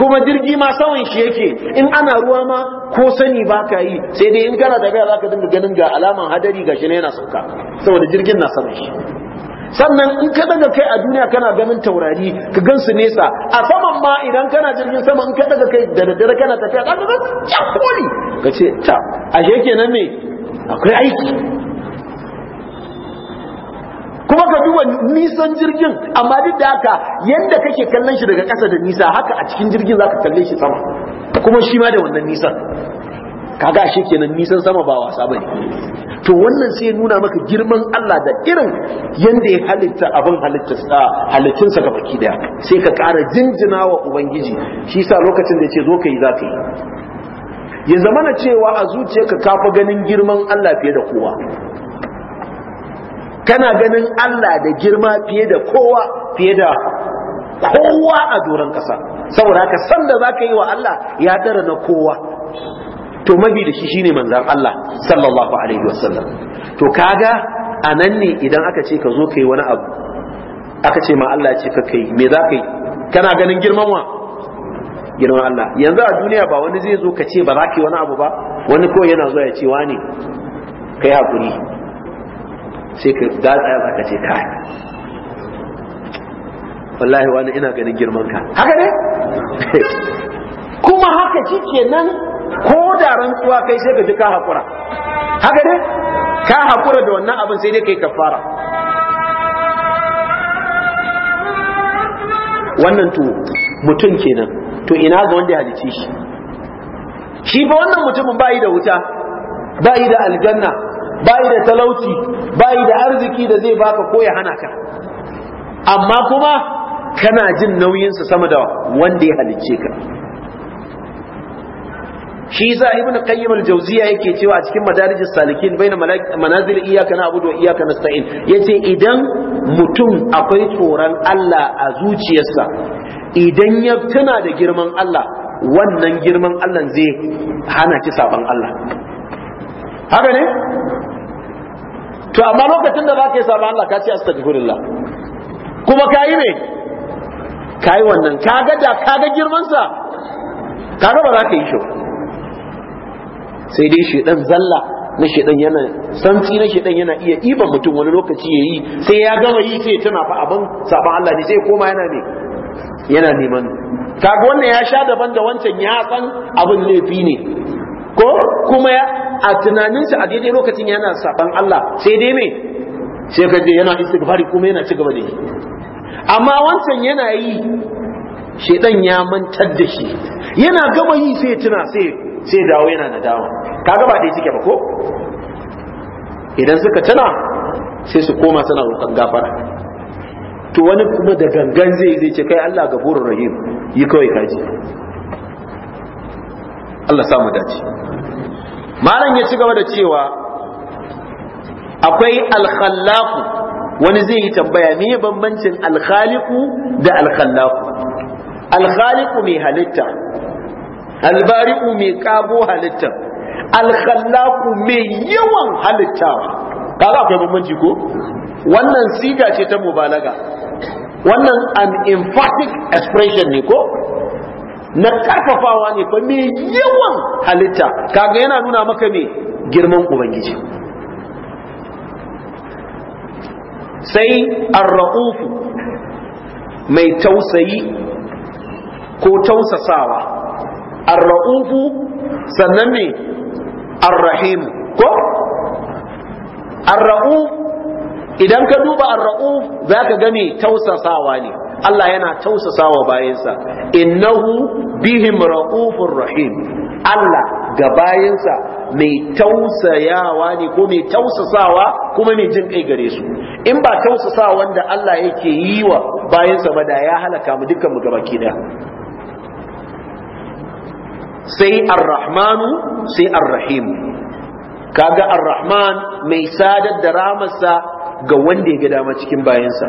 kuma jirgi ma saman shi yake in ana ruwa ma ko sani ba ka yi sai dai in kana tafiya za ka dinga ganin ga alaman hadari ga shi ne yana sauka saboda jirgin na saman shi sannan in ka daga kai a duniya kana ganin taurari ka gan su nesa a saman ma idan kana jirgin sama in ka daga kai da daddare kana tafiya ka ga ta koli ka ce ta ashe kenan me akwai aiki kuma ka duba nisan jirgin amma duk da haka yanda kake kallon shi daga ƙasa da nisa haka a cikin jirgin za ka kalle shi sama kuma shi ma da wannan nisan kaga ashe kenan nisan sama ba wasa ba ne. to wannan sai nuna maka girman Allah da irin yanda ya halitta abin halittarsa halittinsa ga baki daya sai ka ƙara jinjina wa ubangiji shi yasa lokacin da ce zo kai za ka yi ya zamana cewa a zuciyarka ka fa ganin girman Allah fiye da kowa kana ganin Allah da girma fiye da kowa fiye da kowa a doron ƙasa saboda haka san da za ka yi wa Allah ya dara na kowa to mabi da shi shine manzan Allah sallallahu alaihi wasallam to kaga a nan ne idan aka ce ka zo ka yi wani abu aka ce ma Allah ce ka kai me za ka yi kana ganin girman wa girman Allah yanzu a duniya ba wani zai zo ka ce ba za ka yi wani abu ba wani kawai yana zo ya ce wani kai hakuri sai ka gatsaya za ka ce kai wallahi wani ina ganin girman ka haka ne kuma haka cike kenan ko da rantsuwa kai sai ka ji ka haƙura haka ne ka haƙura da wannan abin sai dai kai kafara wannan to mutum kenan to ina ga wanda ya halice shi shi ba wannan mutumin bayi da wuta bayi da aljanna Ba'i da talauci ba'i da arziki da zai baka ko ya hana ka amma kuma kana jin nauyinsa sama da wanda ya halicce ka shi za ibnu qayyim al-jawziya yake cewa a cikin madarijus salikin baina manazil iyyaka na'budu wa iyyaka nasta'in yace idan mutum akwai tsoron Allah a zuciyarsa idan ya tuna da girman Allah wannan girman Allah zai hana ki saban Allah haka ne to amma lokacin da zaka yi sabon Allah ka ce astaghfirullah kuma kayi me kayi wannan kaga da kaga girman sa kaga ba za ka yi shi sai dai shi dan zalla na shi dan yana santsi na shi dan yana iya iban mutum wani lokaci yayi sai ya gama yi sai tana fa abin sabon Allah ne sai koma yana ne yana neman kaga wannan ya sha daban da wancan ya san abin laifi ne ko kuma ya a tunaninsa a daidai lokacin yana saban Allah sai dai me sai ka je yana istighfari kuma yana cigaba da yi amma wancan yana yi shedan ya mantar da shi yana gama yi sai tuna sai sai dawo yana da dawo kaga ba dai suke ba ko idan suka tana sai su koma suna roƙon gafara to wani kuma da gangan zai zai ce kai Allah gafurur rahim yi kawai kaji Allah samu dace malam ya ci gaba da cewa akwai alkhallaku wani zai yi tambaya me bambancin alkhaliku da alkhallaku alkhaliku mai halitta albari'u mai kago halitta alkhallaku mai yawan halittawa kaga akwai bambanci ko wannan siga ce ta mubalaga wannan an emphatic expression ne ko na karfafawa ne fa mai yawan halitta kaga yana nuna maka me girman ubangiji sai ar-ra'ufu mai tausayi ko tausasawa ar-ra'ufu sannan me ar-rahim ko ar idan ka duba ar za ka ga me tausasawa ne Allah yana tausasa wa bayansa innahu bihim ra'ufur rahim Allah ga bayansa mai tausayawa ne ko mai tausasawa kuma mai jin kai gare su in ba tausasawa wanda Allah yake yi wa bayansa ba da ya halaka mu dukkan mu gaba kida sai ar sai ar-rahim kaga ar mai sadar da ramarsa ga wanda ya ga dama cikin bayansa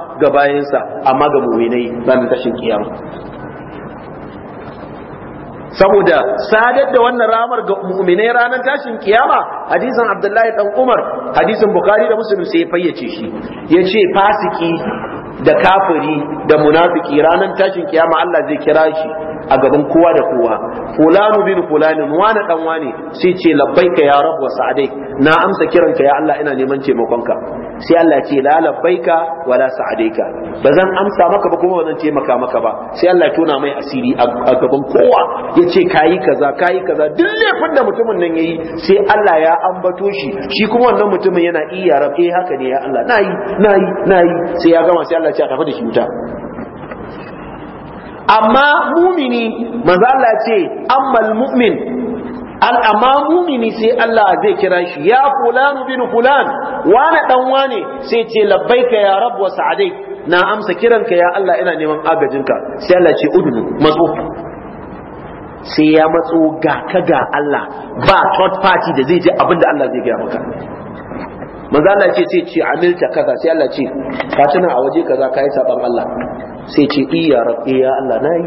ga bayansa amma ga mu'minai ranar tashin kiyama saboda sadar da wannan ramar ga mu'minai ranar tashin kiyama hadisin abdullahi dan umar hadisin bukhari da muslim sai fayyace shi ya ce fasiki da kafiri da munafiki ranar tashin kiyama Allah zai kira shi a gaban kowa da kowa fulanu bin fulanin wani dan wani sai ce labbaika ya rabu sa'adai na amsa kiranka ya Allah ina neman taimakonka sai Allah ya ce la labbaika wala sa'adaika ba zan amsa maka ba kuma ba zan taimaka maka ba sai Allah ya tona mai asiri a gaban kowa ya ce kayi kaza kayi kaza duk laifin da mutumin nan yayi sai Allah ya ambato shi shi kuma wannan mutumin yana iya eh, rabe eh, haka ne ya Allah nayi nayi nayi sai ya gama sai Allah ya ce tafi da shi wuta amma mumini manzo Allah ce ammal mu'min al amma mumini sai Allah zai kira shi ya fulan bin fulan wani dan wane sai ce labbaika ya rab wa sa'adai na amsa kiranka ya Allah ina neman agajinka sai Allah ce udu matso sai ya matso ga ka ga Allah ba third party da zai ji abinda Allah zai gaya maka manzo Allah ce sai ce amilta kaza sai Allah ce ka tana a waje kaza kai saban Allah sai ce iya rabbi eh, ya Allah na yi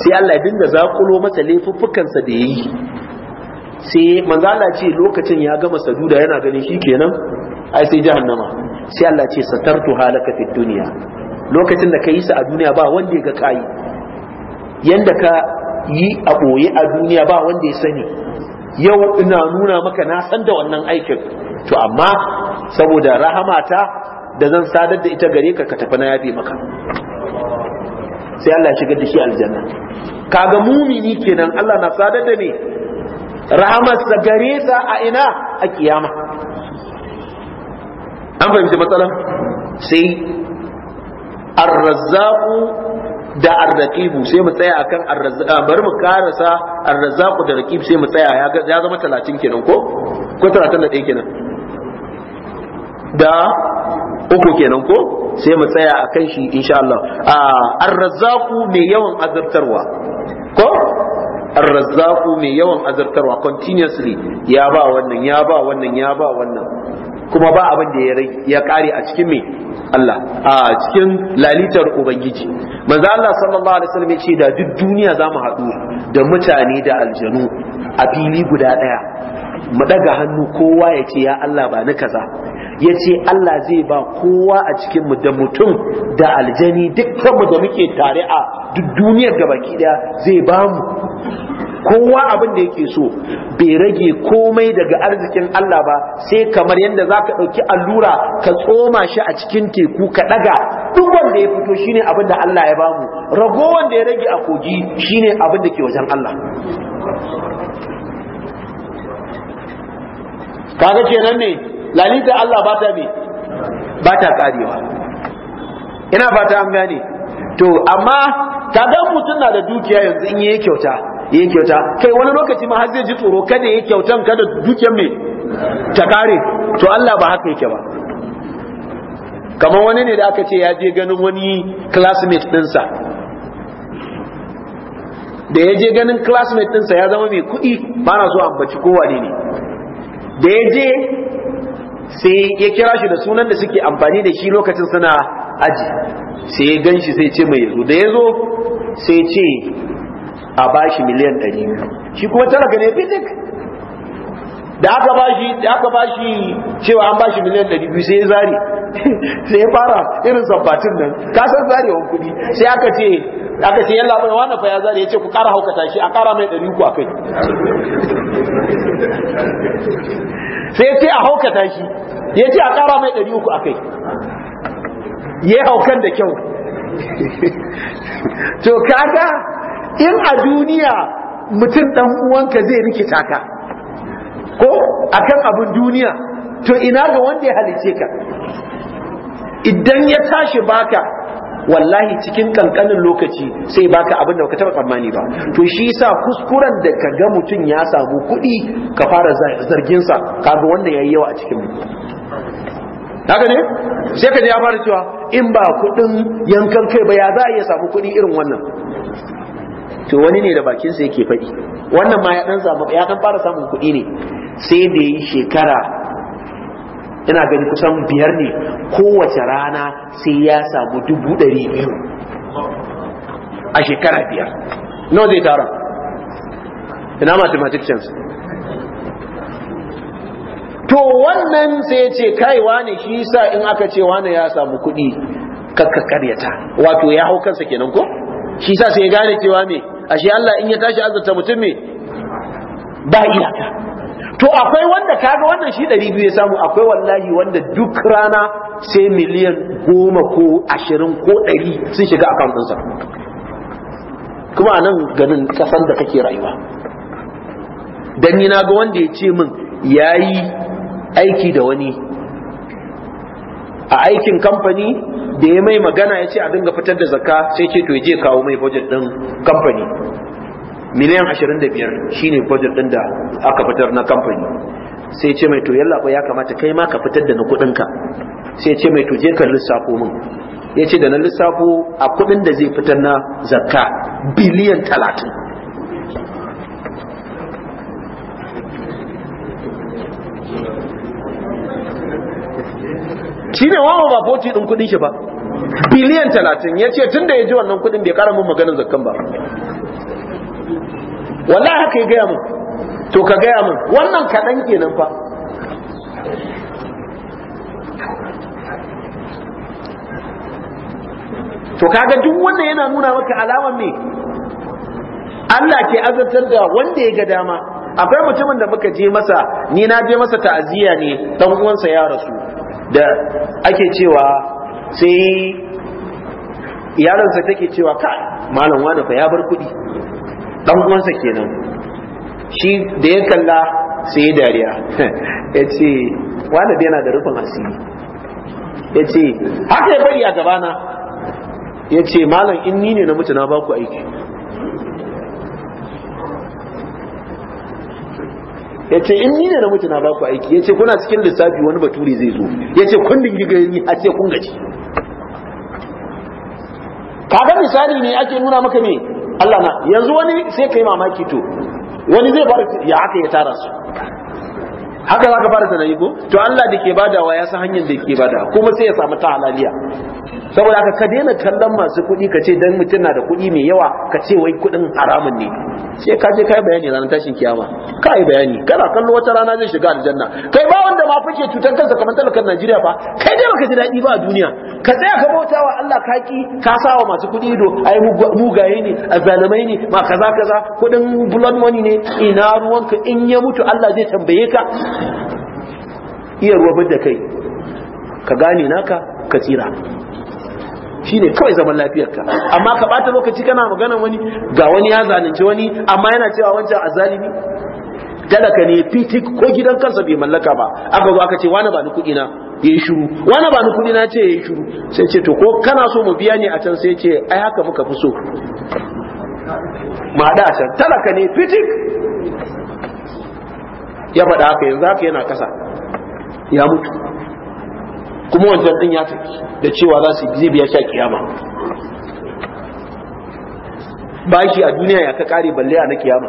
sai Allah da zakulo masa laifuffukansa da ya yi sai manzo ce lokacin ya gama saduda yana ganin shi kenan ai sai jahannama sai Allah ce satartu halaka fi duniya. lokacin da ka yi sa a duniya ba wanda ya ga kayi yanda ka yi a boye a duniya ba wanda ya sani yau ina nuna maka na san da wannan aikin to amma saboda rahamata da zan sadar da ita gare ka ka tafi na yafe maka sai Allah ya shigar da shi aljanna kaga mumini kenan Allah na sadar da ni. rahamar sa gare sa a ina a kiyama an fahimci matsalan sai arrazzaqu da arraqibu sai mu tsaya akan arrazzaqu bari mu karasa arrazzaqu da raqib sai mu tsaya ya zama 30 kenan ko ko 31 kenan da uku kenan ko sai mu tsaya a kan shi insha Allah arrazzaku mai yawan azartarwa ko arrazzaku mai yawan azartarwa continuously ya ba wannan ya ba wannan ya ba wannan kuma ba abin da ya kare a cikin me Allah a cikin lalitar ubangiji manzo Allah sallallahu alaihi wasallam ya ce da duk duniya za mu haɗu da mutane da aljanu a fili guda ɗaya mu daga hannu kowa ya ce ya Allah ba ni kaza ya ce Allah zai ba kowa a cikinmu da mutum da aljani dukkanmu da muke tare a duk duniyar gabaki daya zai ba mu kowa abin da yake so bai rage komai daga arzikin Allah ba sai kamar yadda za ka ɗauki allura ka tsoma shi a cikin teku ka ɗaga duk wanda ya fito shine abin da Allah ya bamu rago wanda ya rage a kogi shine abin da ke wajen Allah kaga kenan ne lalita Allah ba ta me ba ta karewa ina fata an gane to amma kaga mutum na da dukiya yanzu in yi kyauta yayi kyauta kai wani lokaci ma har zai ji tsoro kada yi kyautan kada dukiyar me ta kare to Allah ba haka yake ba kamar wani ne da aka ce ya je ganin wani classmate ɗinsa da ya je ganin classmate ɗinsa ya zama mai kuɗi ba na so ambaci kowane ne da ya je sai ya kira shi da sunan da suke amfani da shi lokacin suna aji sai ya gan shi sai ce mai yanzu da ya zo sai ce a bashi miliyan ɗari shi kuma tara ga ne fitik da aka shi da aka shi cewa an ba shi miliyan 200 sai ya zari sai ya fara irin sabbatin nan ka san wa kuɗi sai aka ce aka ce yalla bai wannan fa ya zari, ya ce ku ƙara haukata shi a ƙara mai 300 a kai sai ya ce a haukata shi ya ce a ƙara mai 300 a kai ya haukan da kyau to kaga in a duniya mutum dan uwanka zai rike taka. ko akan abin duniya to ina ga wanda ya halice ka idan ya tashi baka wallahi cikin kankanin lokaci sai baka abin da baka taba tsammani ba to shi yasa kuskuren da ka ga mutum ya samu kuɗi ka fara zargin sa kaga wanda yayi yawa a cikin haka ne sai ka ji ya fara cewa in ba kuɗin yankan kai ba ya za a iya samu kuɗi irin wannan to wani ne da bakin sa yake faɗi wannan ma ya dan samu ya kan fara samun kuɗi ne sai da yi shekara ina gani kusan biyar ne kowace rana sai ya samu dubu ɗari biyu a shekara biyar nawa zai tara ina mathematicians to wannan sai ya ce kaiwa ne shi sa in aka ce wane ya samu kuɗi kakka karyata wato ya hau kansa kenan ko shi sa sai ya gane cewa me ashe Allah in ya tashi azurta mutum me ba iyaka to akwai wanda kaga wannan shi ɗari biyu ya samu akwai wallahi wanda duk rana sai miliyan goma ko ashirin ko ɗari sun shiga akawun ɗinsa kuma anan nan ganin kasan da kake rayuwa don yi na ga wanda ya ce min ya yi aiki da wani a aikin kamfani da ya mai magana ya ce a dinga fitar da zakka sai ce to ya je kawo mai budget ɗin kamfani miliyan 25 shine budget din da aka fitar na kamfani sai ce mai to yalla ya kamata kai ma ka fitar da na kudin ka sai ce mai to je ka lissafo min ya ce da na lissafo a kudin da zai fitar na zakka biliyan 30 shi ne wawa ba foti ɗin kuɗin shi ba biliyan talatin ya ce tun da ya ji wannan kuɗin bai ƙara mun maganin zakkan ba wallahi haka ya gaya mun to ka gaya mun wannan kaɗan kenan fa to kaga duk wannan yana nuna maka alama me Allah ke azartar da wanda ya ga dama akwai mutumin da muka je masa ni na je masa ta'aziyya ne dan uwansa ya rasu da ake cewa sai yaransa take cewa ka malam wani fa ya bar kuɗi dan uwansa kenan shi da ya kalla sai dariya ya ce wanda yana da rufin asiri ya ce haka ya bari a gabana ya ce malam in ni ne na mutu na baku aiki ya ce in ni ne na mutu na baku aiki ya ce kuna cikin lissafi wani bature zai zo ya ce kun dingi gani a ce kun gaji kaga misali ne ake nuna maka ne. Allah na yanzu wani sai kai mamaki to wani zai bar ya aka ya tara su haka za ka fara tunani ko to Allah da ke badawa ya san hanyar da ke bada kuma sai ya samu ta halaliya saboda haka ka daina kallon masu kuɗi ka ce dan mutum na da kuɗi mai yawa ka ce wai kuɗin haramun ne sai ka je kai bayani ranar tashin kiyama ka bayani kana kallo wata rana zai shiga aljanna kai ba wanda ma fake cutar kansa kamar talakan Najeriya fa kai dai baka ji daɗi ba a duniya ka tsaya ka bauta wa Allah ka ki ka sawa masu kuɗi ido ai mugaye ne azalamai ne ma kaza kaza kuɗin blood money ne ina ruwanka in ya mutu Allah zai tambaye ka iya ruwa da kai ka gane naka ka tsira shi ne kawai zaman lafiyarka amma ka ɓata lokaci kana magana wani ga wani ya zalunci wani amma yana cewa wancan a azalimi talaka ne fitik ko gidan kansa bai mallaka ba aka zo aka ce wani ba ni kuɗi na ya yi shiru wani ba ni kuɗi na ce ya yi shiru sai ce to ko kana so mu biya ne a can sai ce ai haka muka fi so ma da can talaka ne fitik ya faɗa haka yanzu haka yana kasa ya mutu kuma wancan ɗin ya tafi da cewa za su zai biya shi a kiyama bashi a duniya ya ka kare balle a na kiyama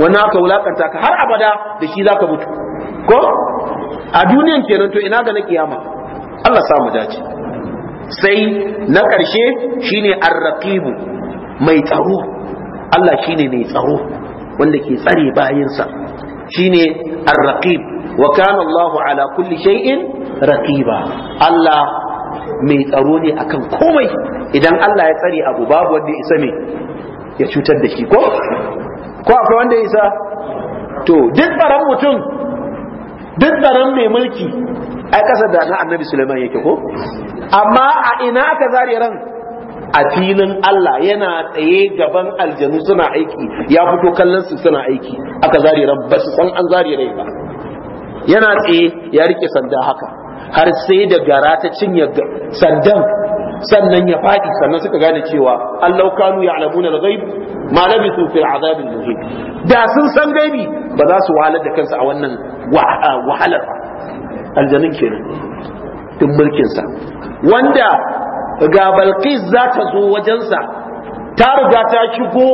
wannan aka wulakanta ka har abada da shi za ka mutu ko a duniyan kenan to ina ga na kiyama Allah sa mu dace sai na ƙarshe shine arraqibu mai tsaro Allah shi ne mai tsaro wanda ke tsare bayansa shine ar-raqib wa kana Allah ala kulli shay'in raqiba Allah mai tsaro ne akan komai idan Allah ya tsare abu babu wanda isa ne ya cutar da shi ko ko akwai wanda isa to duk tsaron mutum duk tsaron mai mulki ai kasa da na annabi Sulaiman yake ko amma a ina aka zare ran a filin Allah yana tsaye gaban aljanu suna aiki ya fito kallon su suna aiki aka zare ba su san an zare rai ba yana tsaye ya rike sanda haka har sai da gara ta cinye sandan sannan ya faɗi sannan suka gane cewa Allah kanu ya'lamuna na ghaib ma labithu fil azab muhim da sun san gaibi ba za su wahalar da kansu a wannan wahalar ba aljanin kenan tun mulkinsa wanda ga balqis za ta zo wajensa ta riga ta shigo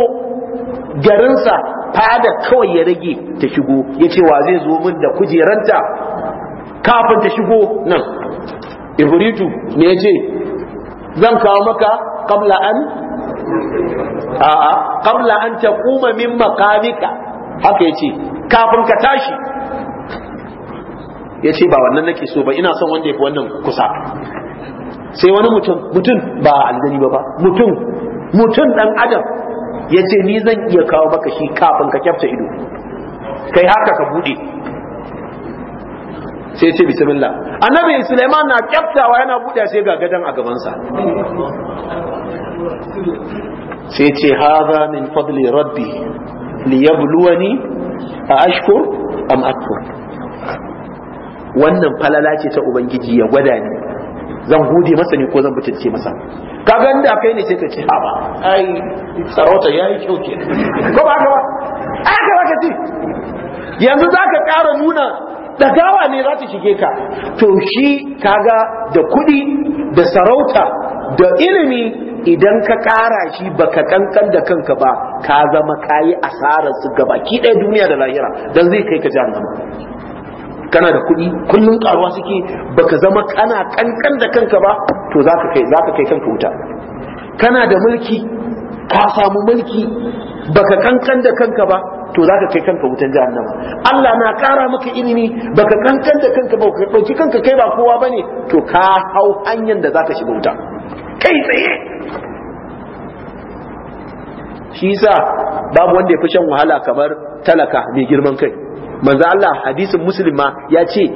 garinsa fada kawai ya rage ta shigo ya ce wa zai zo min da kujeranta kafin ta shigo nan ibritu me ya ce zan kawo maka kabla an a'a kabla an ta kuma min makamika haka ya ce kafin ka tashi ya ce ba wannan nake so ba ina son wanda ya fi wannan kusa sai wani mutum mutum ba aljani ba ba mutum mutum dan adam ya ce ni zan iya kawo maka shi kafin ka kyafta ido kai haka ka bude sai ce bismillah annabi Suleiman na kyaftawa yana bude sai ga gadan a gabansa sai ce hadha min fadli rabbi yabluwani a ashkur am akfur wannan falala ce ta ubangiji ya gwada ni zan gode masa ne ko zan butulce masa ka ga inda kai ne sai ka ce ha ba ai sarauta yayi kyau ke ko ba ka ba ai ka ka ci yanzu zaka ƙara nuna gawa ne za ta shige ka to shi kaga da kuɗi da sarauta da ilimi idan ka ƙara shi baka kankan da kanka ba ka zama kayi asarar su gabaki ɗaya duniya da lahira don zai kai ka jahannama kana da kuɗi kullum karuwa suke baka zama kana kankan da kanka ba to zaka kai zaka kai kanka wuta kana da mulki ka samu mulki baka kankan da kanka ba to zaka kai kanka wutan jahannama Allah na kara maka ilimi baka kankan da kanka ba ka dauki kanka kai ba kowa bane to ka hau hanyar da zaka shiga wuta kai tsaye shi sa babu wanda ya fi shan wahala kamar talaka mai girman kai manzo Allah hadisin muslim ma ya ce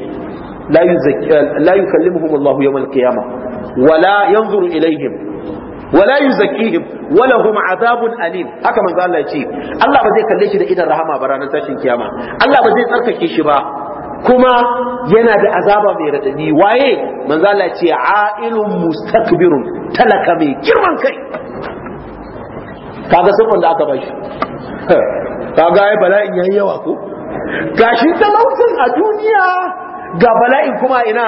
la eh, yukallimuhum Allahu yawm al-qiyamah wala yanzuru ilaihim wala yuzakkihim wala hum azabun alim haka manzo Allah ya ce Allah ba zai kalle shi da idan rahama ba ranar tashin kiyama Allah ba zai tsarkake shi ba kuma yana da azaba mai radadi waye manzo Allah ya ce a'ilun mustakbirun talaka mai girman kai kaga sun da aka bashi kaga ai bala'in yayi yawa ko gashi talaucin a duniya ga bala'in kuma ina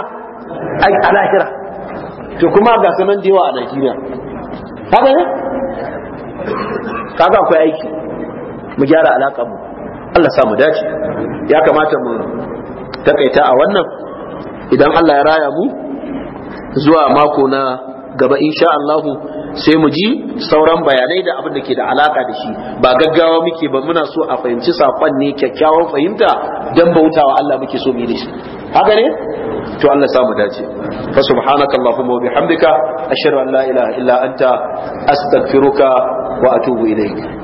a lahira to kuma ga sanan da a Najeriya haka ne kaga akwai aiki mu gyara alaƙa mu Allah sa dace ya kamata mu takaita a wannan idan Allah ya raya mu zuwa mako na gaba insha Allah sai mu ji sauran bayanai da abin da ke da alaka da shi ba gaggawa muke ba muna so a fahimci sakon ne kyakkyawan fahimta dan bautawa Allah muke so mu yi shi haka ne to Allah ya samu dace fa subhanaka allahumma wa bihamdika ashhadu an la ilaha illa anta astaghfiruka wa atubu ilayk